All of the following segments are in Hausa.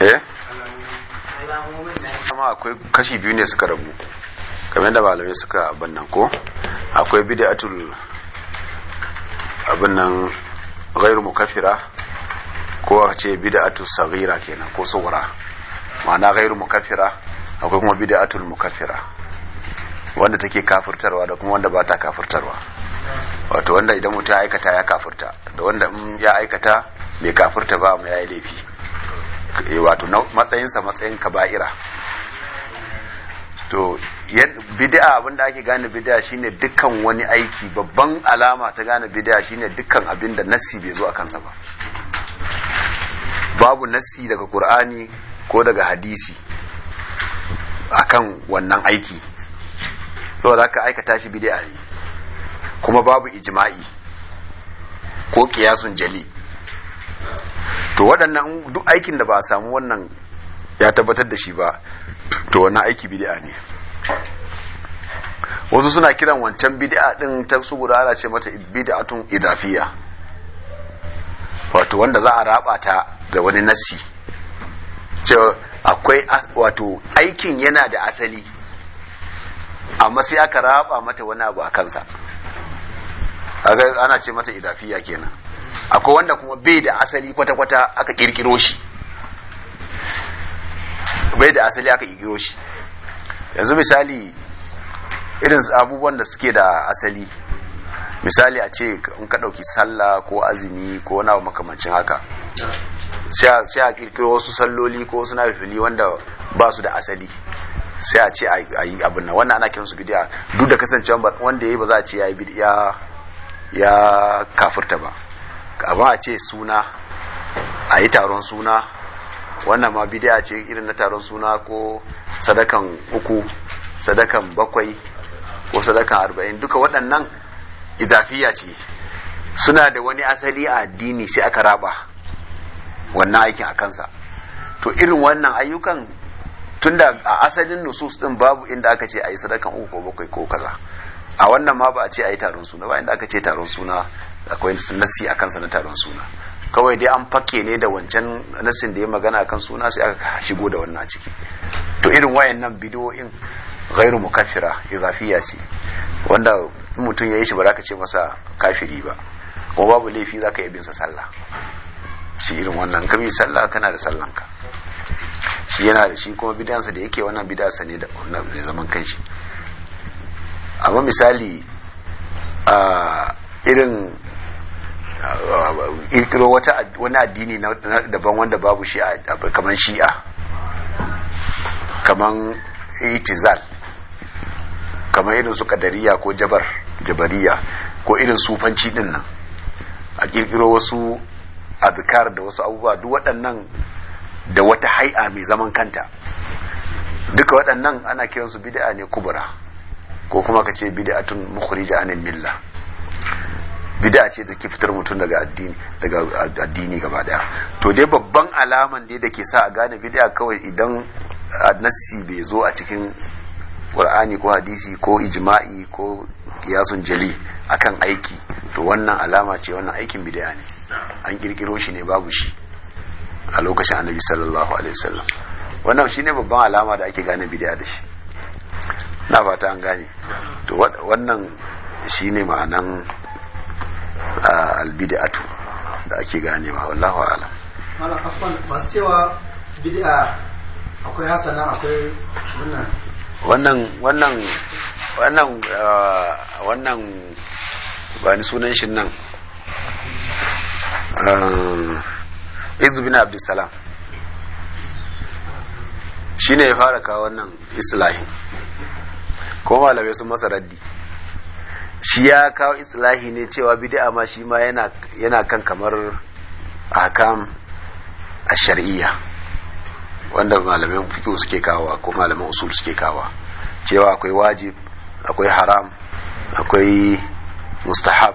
eh kuma akwai kashi biyu ne suka rabu kamar da malamai suka abin nan ko akwai bid'atul abin nan ghairu mukaffira ko a ce bid'atul saghira kenan ko sughra ma'ana ghairu mukaffira akwai kuma bid'atul mukaffira wanda take kafirtarwa da kuma wanda ba ta kafirtarwa wato wanda idan mutum ya aikata ya kafirta da wanda ya aikata bai kafirta ba mu yayi laifi Eh, wato matsayinsa matsayin kaba'ira to bid'a da ake gane bid'a shine dukkan wani aiki babban alama ta gane bid'a shine dukkan abin da nassi bai zo a kansa ba babu nassi daga qur'ani ko daga hadisi akan wannan aiki saboda haka aikata shi bid'a ne kuma babu ijma'i ko kiyasun jali to waɗannan duk aikin da ba a samu wannan ya tabbatar da shi ba to wani aiki bid'a ne wasu suna kiran wancan bid'a ɗin ta su ana ce mata bid'atun idafiya wato wanda za a raba ta da wani nassi, cewa akwai wato aikin yana da asali amma sai aka raba mata wani abu a kansa ana ce mata idafiya kenan akwai wanda kuma bai da asali kwata-kwata aka kirkiro shi bai da asali aka kirkiro shi yanzu misali irin abubuwan da suke da asali misali a ce in ka ɗauki sallah ko azumi ko wani abu makamancin haka sai a kirkiro wasu salloli ko wasu nafili wanda ba su da asali sai a ce a yi abin nan wannan ana kiransu bidiya duk da kasancewa wanda ya yi ba za a ce ya yi bidiya ya kafirta ba ba a ce suna a yi taron suna wannan ma bidiya ce irin na taron suna ko sadakan uku sadakan bakwai ko sadakan arba'in duka waɗannan idafiya ce suna da wani asali a addini sai aka raba wannan aikin a kansa to irin wannan ayyukan tunda a asalin nusus din babu inda aka ce a yi sadakan uku ko bakwai ko kaza a wannan ma ba a ce a yi taron suna ba inda aka ce taron suna akwai nasi a kansa na taron suna kawai dai an fake ne da wancan nassin da ya magana kan suna sai aka shigo da wannan ciki to irin wayannan bidiyoyin ghairu mukaffira izafiya ce wanda mutum ya yi shi ba za ka ce masa kafiri ba ko babu laifi za ka yi binsa sallah shi irin wannan kami sallah kana da sallanka shi yana da shi kuma bidansa da yake wannan bidansa ne da zaman kanshi amma misali a irin kirkiro wani addini daban wanda babu shi kamar shi'a kamar itizal kamar irin su kadariya ko jabar jabariya ko irin sufanci din nan a kirkiro wasu adhkar da wasu abubuwa duk waɗannan da wata hai'a mai zaman kanta duka waɗannan ana kiransu bid'a ne kubura. ko kuma ka ce bid'atun mukhrija anil milla bid'a ce da ke fitar mutum daga addini daga addini gaba daya to dai babban alaman da ke sa a gane bid'a kawai idan annasi bai zo a cikin qur'ani ko hadisi ko ijma'i ko kiyasun jali akan aiki to wannan alama ce wannan aikin bid'a ne an kirkiro shi ne babu shi a lokacin annabi sallallahu alaihi wasallam wannan shine babban alama da ake gane bid'a da shi na fata an gane to wannan ne ma'anan albid'atu da ake gane wallahu alam malam ala. masu cewa akwai akwai wannan wannan wannan wannan ba ni sunan shi nan izu bin abdulsalam shi ne ya fara kawo wannan islahin ko malamai sun masa raddi shi ya kawo islahi ne cewa bid'a ma shi ma yana kan kamar akam a shar'iyya wanda malamin fiqh suke kawo ko malamin usul suke kawo cewa akwai wajib akwai haram akwai mustahab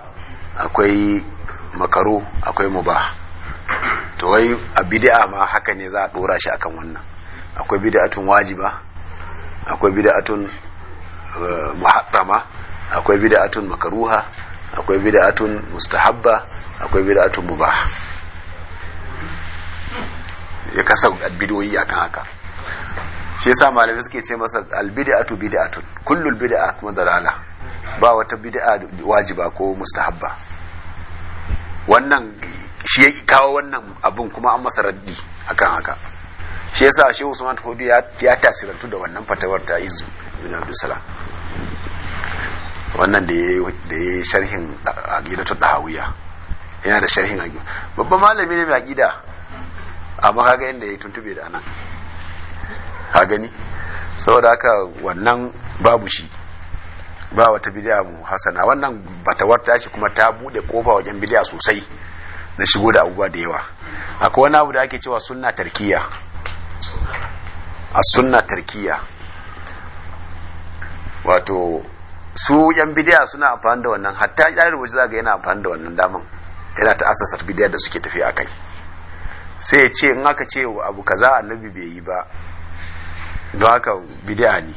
akwai makaru akwai mubah to wai a bid'a ma haka ne za a dora shi akan wannan akwai bid'atun wajiba akwai bid'atun muhaddama akwai bid'atun makaruha akwai bid'atun mustahabba akwai bid'atun mubah ya kasa bid'o'i akan haka shi yasa malamai suke ce masa albid'atu bid'atun kullul bid'a kuma dalala ba wata bid'a wajiba ko mustahabba wannan shi ya kawo wannan abun kuma an masa raddi akan haka shi yasa shi usman hudu ya tasirantu da wannan fatawar ta izu bin abdulsalam wannan da ya yi sharhin aqidatul dahawiya yana da sharhin aqida babban malami ne mai aqida amma kaga inda ya tuntube da anan ka gani saboda haka wannan babu shi ba wata bidiya mu hasana wannan batawar tashi kuma ta bude kofa wajen bidiya sosai na shigo da abubuwa da yawa akwai wani abu da ake cewa sunna tarkiya a sunna tarkiya wato su yan bidiya suna amfani da wannan hatta ya za ga yana amfani da wannan daman yana ta asasar bidiya da suke tafiya kai sai ya ce in aka ce abu kaza annabi bai yi ba don haka bidiya ne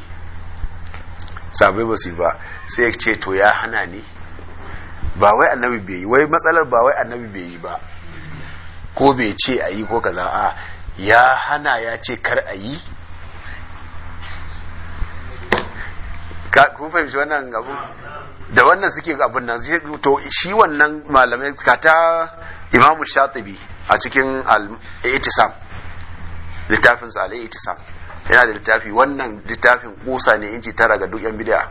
sabai ba su ba sai ya ce to ya hana ne ba wai annabi bai yi wai matsalar ba wai annabi bai yi ba ko bai ce a yi ko kaza a ya hana ya ce kar a yi ka ku fahimci wannan abu da wannan suke abun nan to shi wannan malamai ka ta imamu shatibi a cikin al-itisam littafin sa al-itisam yana da littafi wannan littafin kusa ne inci tara ga duk yan bid'a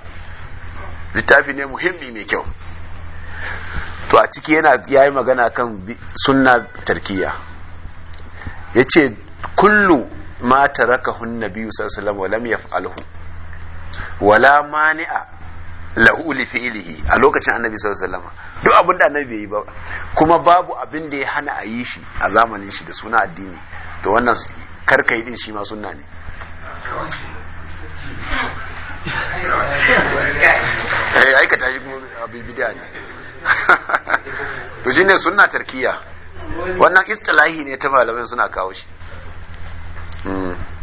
littafi ne muhimmi mai kyau to a ciki yana yayi magana kan sunna tarkiya yace kullu ma tarakahu an-nabiyyu sallallahu alaihi wasallam wa lam yaf'alhu wala mani'a lahu li fi'lihi a lokacin annabi sallallahu alaihi wasallam duk abin da annabi bai yi ba kuma babu abinda ya hana a yi shi a zamanin shi da suna addini to wannan karkai din shi ma sunna ne ai eh, aikata shi kuma abin bid'a ne to shine sunna tarkiya wannan istilahi ne ta malamai suna kawo shi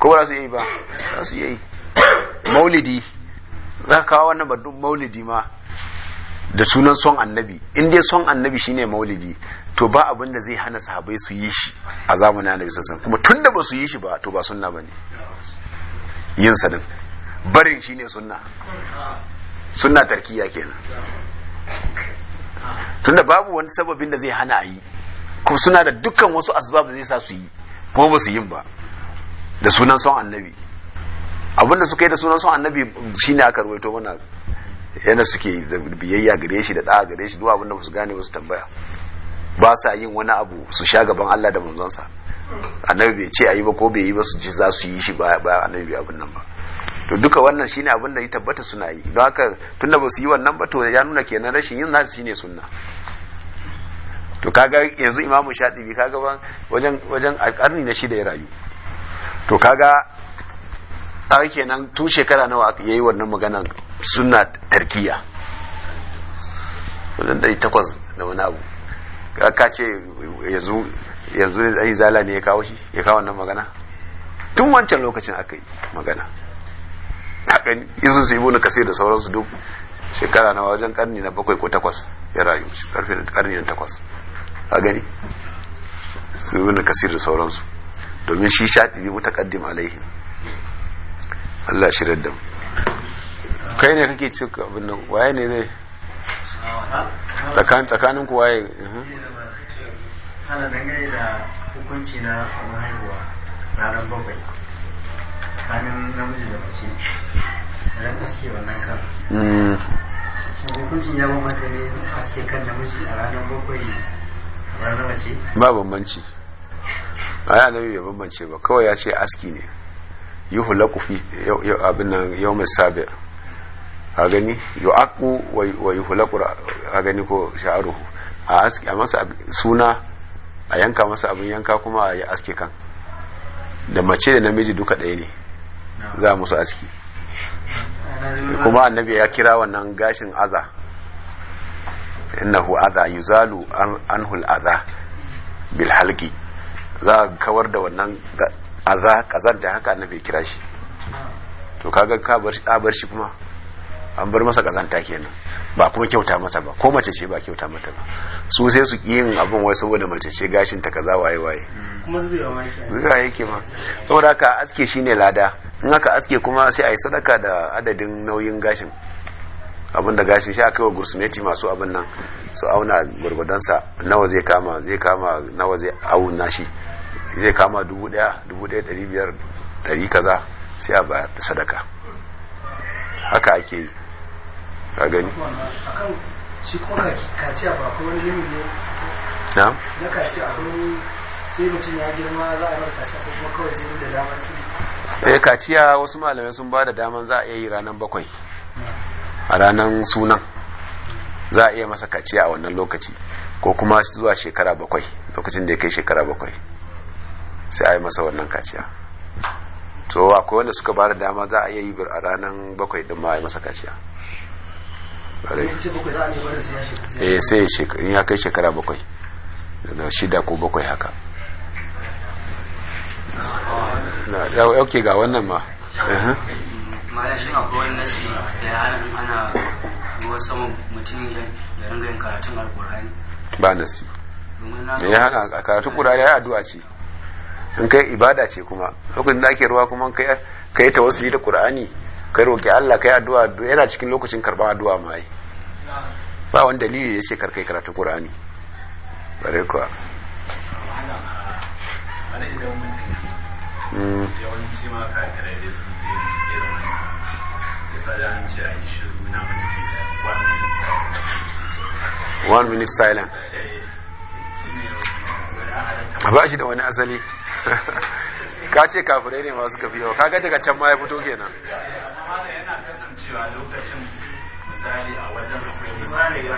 ko ba za su yi ba za su yi maulidi za ka kawo wannan badun maulidi ma da sunan son annabi in dai son annabi shine maulidi to ba abin da zai hana sahabai su yi shi a zamanin annabi sassan kuma tun da ba su yi shi ba to ba sunna ba ne yin sadin barin shine sunna sunna tarkiya kenan da babu wani sababin da zai hana a yi kuma suna da dukkan wasu asbab da zai sa su yi kuma ba su yin ba da sunan son annabi abinda suka yi da sunan son annabi shine aka ruwaito mana yana suke biyayya gare shi da ɗa gare shi duk abinda ba su gane ba su tambaya ba sa yin wani abu su sha gaban Allah da manzonsa annabi bai ce ayi ba ko bai yi ba su ji za su yi shi ba annabi bai abin nan ba to duka wannan shine abin da ya tabbata suna yi don haka tun da ba su yi wannan ba to ya nuna kenan rashin yin nasu shine sunna to kaga yanzu imamu shatibi kaga ban wajen wajen alƙarni na shida ya rayu to kaga a kenan tun shekara nawa ya yi wannan maganan suna tarkiya wajen dai takwas da wani abu ka ce yanzu yanzu ai zala ne ya kawo shi ya kawo wannan magana tun wancan lokacin aka yi magana hakan isu su ibu na kase da sauransu duk shekara nawa wajen karni na bakwai ko takwas ya rayu karfe da karni na takwas a gani su ibu na kase da sauransu domin shi sha shatibi mutaqaddim alaihi Allah shi da mu kai ne kake ci abin nan waye ne zai tsakan tsakanin ku waye ana dangane da hukunci hmm. na haihuwa ranar bakwai tsakanin namiji da mace idan aske wannan kan hukuncin ya bambanta ne aske kan namiji a ranar bakwai a ranar mace ba bambanci ai annabi bai bambance ba kawai ya ce aski ne yuhlaqu fi abin nan yawm sabi a gani yu'aqu wa yuhlaqu a gani ko sha'aruhu a aski a masa suna a yanka masa abin yanka kuma a yi aski kan da mace da namiji duka ɗaya ne za musu aski kuma annabi ya kira wannan gashin aza innahu aza yuzalu anhul aza bil halqi za a kawar da wannan kazar da haka annabi kira shi to kaga ka bar shi kuma an bar masa kazanta kenan ba kuma kyauta masa ba ko mace ce ba kyauta mata ba su sai su yin abin wai saboda mace ce gashin ta kaza waye waye Kuma zuwa yake ma saboda haka aske shine lada in aka aske kuma sai a yi sadaka da adadin nauyin gashin abin da gashin shi aka yi wa gursumeti masu abin nan su auna gurgudansa nawa zai kama zai kama nawa zai auna shi zai kama dubu daya dubu daya dari biyar dari kaza sai a bayar da sadaka haka ake yi a gani shi kuma kaciya ba ko wani limit ne na na kaciya akwai sai mutum ya girma za a bar kaciya ko kuma kawai jini da daman su eh kaciya wasu malamai sun ba da daman za a iya yi ranar bakwai a ranar sunan za a iya masa kaciya a wannan lokaci ko kuma zuwa shekara bakwai lokacin da ya kai shekara bakwai sai a yi masa wannan kaciya to akwai wanda suka bada dama za a yi a ranar bakwai din ma a yi masa kaciya eh sai in ya kai shekara bakwai daga shida ko bakwai haka na ok ga wannan ma malam shi na wani nasi da ya hana ana ruwan sama mutum ya ringa yin karatun alkurani ba nasi da ya hana karatun kurari ya yi addu'a ce in kai ibada ce kuma lokacin da ake ruwa kuma kai kai tawassuli da qur'ani kai roki Allah kai addu'a yana cikin lokacin karban addu'a ma ai ba wani dalili yace kar kai karatu qur'ani bare kuwa hmm. ka yi one minute eh, a ba shi da wani asali ka ce kafirai ne masu kafi yawa kaga daga can ma ya fito kenan yana kasancewa lokacin misali a wajen misali ya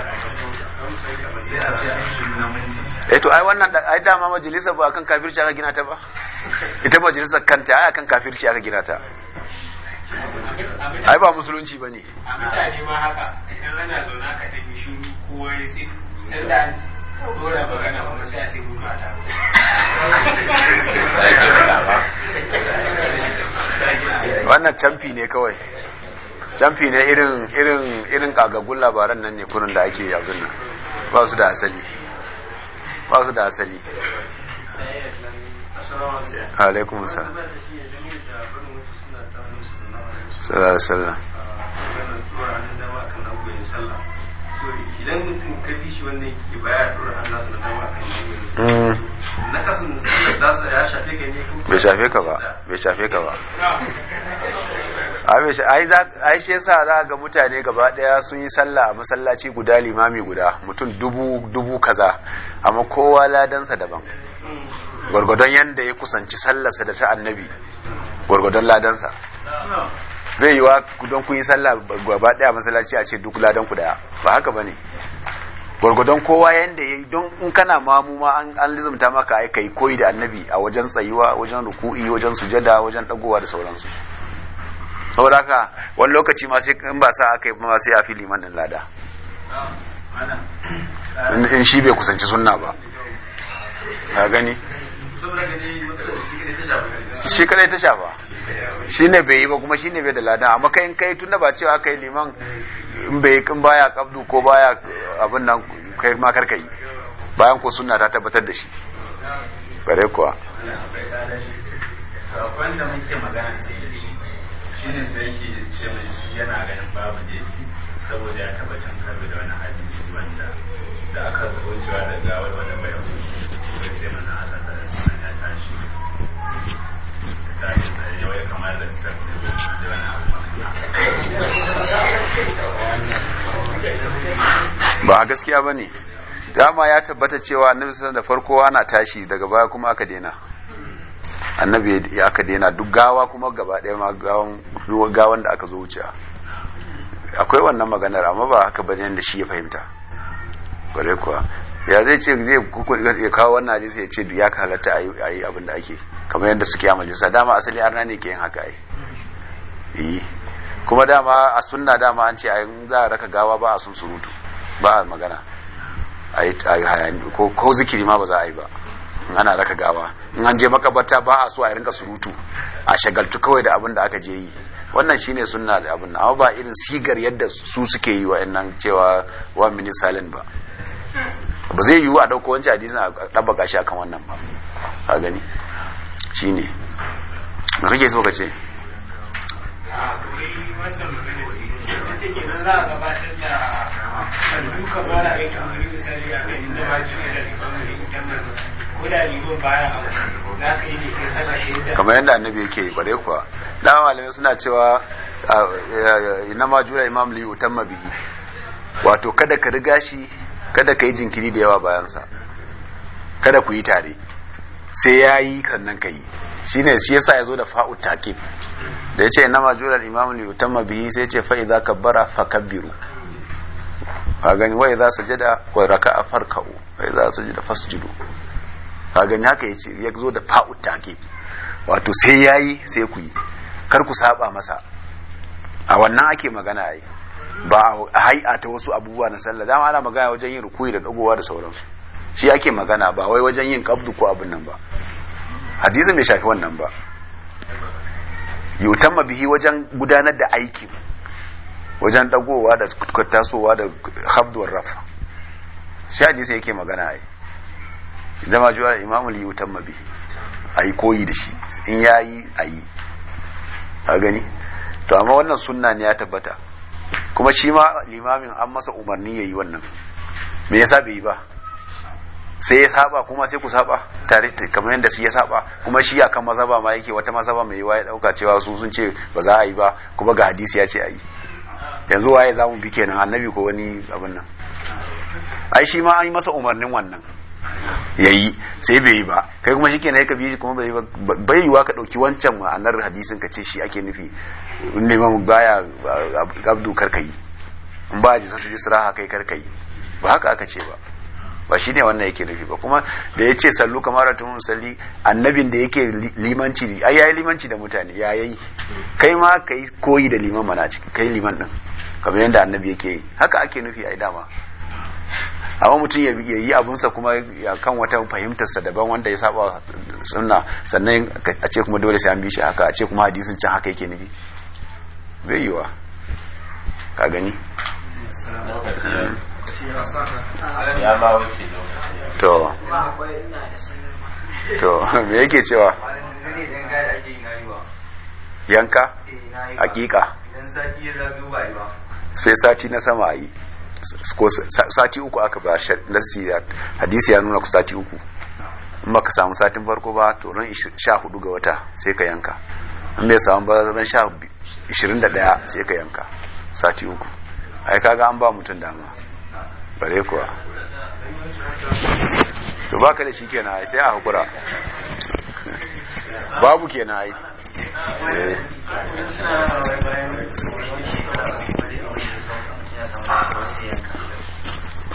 eh to ai wannan ai dama majalisar ba akan kafirci aka gina ta ba ita majalisar kanta ai akan kafirci aka gina ta ai ba musulunci bane a mutane ma haka idan ana zauna ka da wannan camfi ne kawai camfi ne irin irin kagagun labaran nan ne kurin da ake yanzu nan ba su da asali ba su da asali alaikum salam sallallahu alaihi wasallam idan shi bai shafe ka ba bai shafe ka yasa za ga mutane gaba daya sun yi sallah a masallaci guda limami guda mutum dubu dubu kaza amma kowa ladansa daban mm. gwargwadon yadda ya kusanci sallarsa da ta annabi gwargwadon ladansa zai yi wa don kun yi sallah gaba daya masallaci a ce duk ladan ku daya ba haka ne. gwargwadon kowa yanda yayi don in kana mamu ma an lizimta lizumta maka ai kai koyi da annabi a wajen tsayuwa wajen ruku'i wajen sujada wajen dagowa da sauransu saboda haka wani lokaci ma sai in ba sa aka yi ma sai a fili liman din lada in shi bai kusanci sunna ba ka gani shi kadai ta shafa shi ne bai yi ba kuma shi ne bai da lada amma kai kai tun da ba cewa kai liman in bai kin baya kabdu ko baya abin nan kai ma karka yi bayan ko sunna ta tabbatar da shi bare kuwa wanda muke magana ce shi ne sai ke ce mai yana ganin babu jeji saboda ya taba cin karbi da wani hadisi wanda da aka zo cewa da gawar wani bayan sai mana ba a gaskiya ba ne dama ya tabbata cewa annabi sun da farko ana tashi daga baya kuma aka daina annabi ya aka daina duk gawa kuma gaba ɗaya ma gawan da aka zo wuce akwai wannan maganar amma ba haka ne da shi ya fahimta kwarai kuwa ya zai ce zai ya kawo wannan hadisi ya ce ya ka halatta a yi abin da ake kamar yadda suke a majalisa dama asali arna ne ke yin haka yi kuma dama a sunna dama an ce a za a raka gawa ba a sun surutu ba a magana a yi ko ko zikiri ma ba za a yi ba in ana raka gawa in an je makabarta ba a so a rinka surutu a shagaltu kawai da abin da aka je yi wannan shine sunna da abin amma ba irin sigar yadda su suke yi wa'annan cewa wa mini salin ba ba zai yiwu a dauko wancan hadisin a ɗabbaka shi akan wannan ba a gani shine me kake so ka ce kamar yadda annabi yake yi kuwa malamai suna cewa ina ma jura imam liyu tamma bihi wato kada ka riga shi kada ka yi jinkiri da yawa bayansa kada ku yi tare sai ya yi kannan ka yi shine shi yasa yazo da fa'u taqib da yace na julal imamu li yutamma bihi sai yace fa idza kabbara fakabbiru ka gani za su jada wa raka'a farka'u za su jada fasjudu ka gani haka yace ya zo da fa'u taqib wato sai yayi sai ku yi kar ku saba masa a wannan ake magana ai ba a hai'a ta wasu abubuwa na sallah dama ana magana wajen yin rukuyi da dagowa da sauransu shi ake magana ba wai wajen yin kabdu ko abin nan ba hadisin bai shafi wannan ba yutamma bihi wajen gudanar da aiki wajen dagowa da tasowa da habduwar rafa shi hadisi yake magana yi. zama juwa imamul yutamma bihi ayi koyi da shi in yayi ayi a gani to amma wannan sunna ne ya tabbata kuma shi ma limamin an masa umarni yayi wannan me yasa bai yi ba sai ya saba kuma sai ku saba tare kamar yadda shi ya saba kuma shi akan mazaba ma yake wata mazaba mai yawa ya dauka cewa su sun ce ba za a yi ba kuma ga hadisi ya ce a yi yanzu waye za mu bi kenan annabi ko wani abin nan ai shi ma an yi masa umarnin wannan yayi sai bai yi ba kai kuma shi kenan ka bi kuma bai yi bai yiwa ka dauki wancan ma'anar hadisin ka ce shi ake nufi in neman baya abdu karkayi in ba ji satu jisra kai karkayi ba haka aka ce ba ba shi ne wannan yake nufi ba kuma da ya ce sallu kamar ta musalli annabin da yake limanci ai yayi limanci da mutane ya yayi kai ma kai koyi da liman mana ciki kai liman din kamar yadda annabi yake yi haka ake nufi ai dama amma mutum ya yi abinsa kuma ya kan wata fahimtarsa daban wanda ya saba sunna sannan a ce kuma dole sai an bi shi haka a ce kuma hadisin can haka yake nufi bai yiwa ka gani to to me yake cewa yanka hakika sai sati na sama a yi ko sati uku aka ba shi hadisi ya nuna ku sati uku in ka samu satin farko ba to ran 14 ga wata sai ka yanka in bai samu ba ran 21 sai ka yanka sati uku ai kaga an ba mutum dama bare kuwa to baka da shi kenan ai sai a hukura babu kenan ai eh.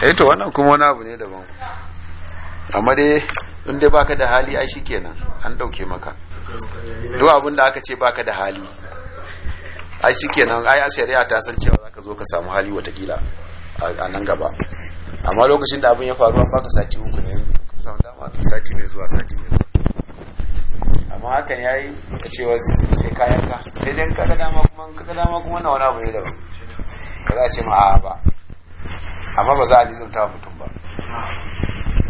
eh to wannan kuma wani abu ne daban amma dai in dai baka da hali ai kenan an dauke maka duk abin da aka ce baka da hali ai kenan ai a shari'a ta san cewa zaka zo ka samu hali watakila a nan gaba amma lokacin da abin ya faru an baka sati uku ne samun dama sati mai zuwa sati mai amma hakan ya yi a cewa sai kayan ka sai dan kaga dama kuma kaga dama kuma na wani abu ne daban ba za a ce ma a'a ba amma ba za a lizanta mutum ba